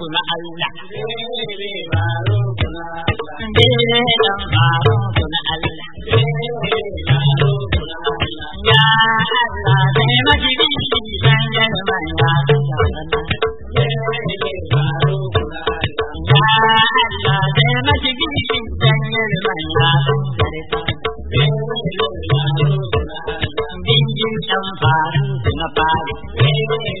kuna Allah. a kuna Allah. Baro kuna Allah. Ya Allah, sai majidi san jama'a ya Allah, faru faru.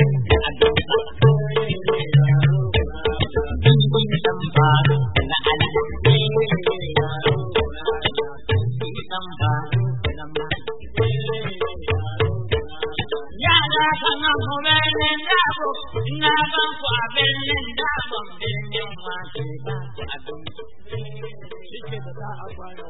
Yara kan hau birnin dabo, ina ban ku a birnin dabon birnin wasu ba ku abin. Shi ke da za a fara